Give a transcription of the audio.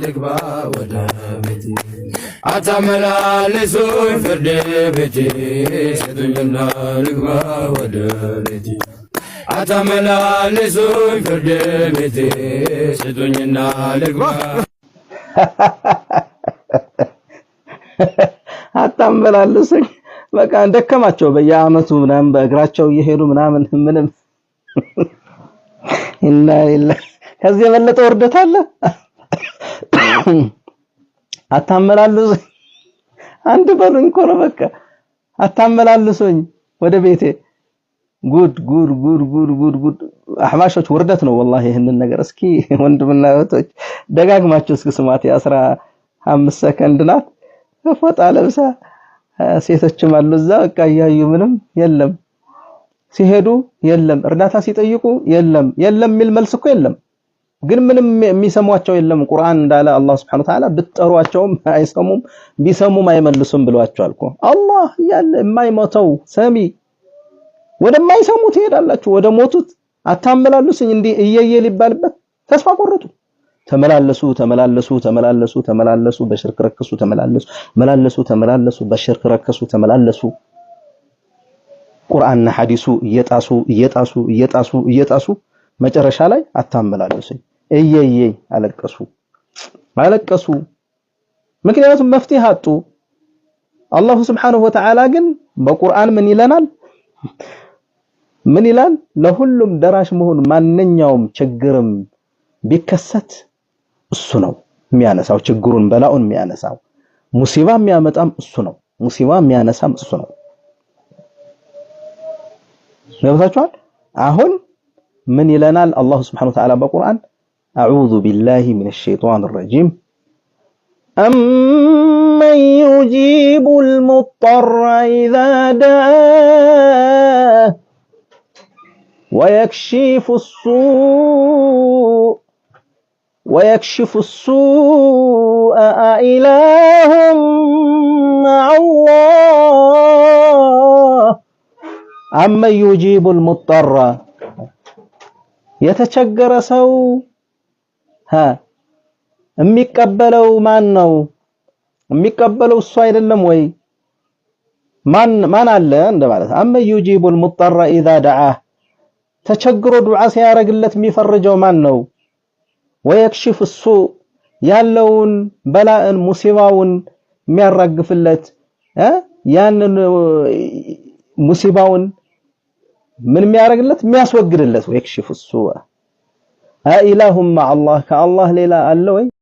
ልግባ ወደ ቤት አታመላልሱኝ ፍርድ ቤት ስጡኝና ልግባ ወደ ቤት አታመላልሱኝ ፍርድ ቤት ልግባ አታመላልሱኝ። በቃ በየአመቱ ምናምን በእግራቸው እየሄዱ ምናምን ምንም እና ከዚህ የበለጠ ወርደት አለ። አታመላልሱኝ፣ አንድ በሉኝ እኮ ነው በቃ አታመላልሱኝ ወደ ቤቴ። ጉድ ጉድ ጉድ ጉድ ጉድ ጉድ! አህባሾች ውርደት ነው ወላሂ። ይህንን ነገር እስኪ ወንድምና እህቶች ደጋግማችሁ እስኪ ስማት። የአስራ አምስት ሰከንድ ናት። ፎጣ ለብሳ ሴቶችም አሉ እዛ በቃ እያዩ ምንም የለም። ሲሄዱ የለም፣ እርዳታ ሲጠይቁ የለም፣ የለም የሚል መልስ እኮ የለም። ግን ምንም የሚሰሟቸው የለም። ቁርአን እንዳለ አላህ Subhanahu Wa ብትጠሯቸውም አይሰሙም፣ ቢሰሙም አይመልሱም ብሏቸዋል እኮ አላህ ያለ የማይሞተው ሰሚ። ወደማይሰሙት ትሄዳላችሁ ወደ ሞቱት አታመላልሱኝ። እንዲህ እየየ ሊባልበት ተስፋ ቆረጡ። ተመላለሱ፣ ተመላለሱ፣ ተመላለሱ፣ ተመላለሱ፣ በሽርክ ረከሱ፣ ተመላለሱ፣ መላለሱ፣ ተመላለሱ፣ በሽርክ ረከሱ፣ ተመላለሱ። ቁርአንና ሐዲሱ እየጣሱ እየጣሱ እየጣሱ እየጣሱ መጨረሻ ላይ አታመላልሱኝ እየዬ አለቀሱ አለቀሱ። ምክንያቱም መፍትሄ አጡ። አላሁ ስብሓነሁ ወተዓላ ግን በቁርአን ምን ይለናል? ምን ይላል? ለሁሉም ደራሽ መሆን ማንኛውም ችግርም ቢከሰት እሱ ነው የሚያነሳው ችግሩን በላውን የሚያነሳው ሙሲባ የሚያመጣም እሱ ነው። ሙሲባ የሚያነሳም እሱ ነው። ገብታችኋል? አሁን ምን ይለናል አላሁ ስብሓነሁ ወተዓላ በቁርአን أعوذ بالله من الشيطان الرجيم أمن يجيب المضطر إذا دعاه ويكشف السوء ويكشف السوء أإله مع الله أمن يجيب المضطر يتشجر سوء የሚቀበለው ማን ነው? የሚቀበለው እሱ አይደለም ወይ? ማን ማን አለ እንደማለት። አመ ዩጂቡል ሙጠራ ኢዛ ደዓህ ተቸግሮ ዱዓ ሲያረግለት የሚፈርጀው ማን ነው? ወየክሽፍ እሱ ያለውን በላእን ሙሲባውን የሚያራግፍለት ያንን ሙሲባውን ምን የሚያረግለት የሚያስወግድለት ወየክሽፍ እሱ ها إله مع الله كالله ليلا ألوي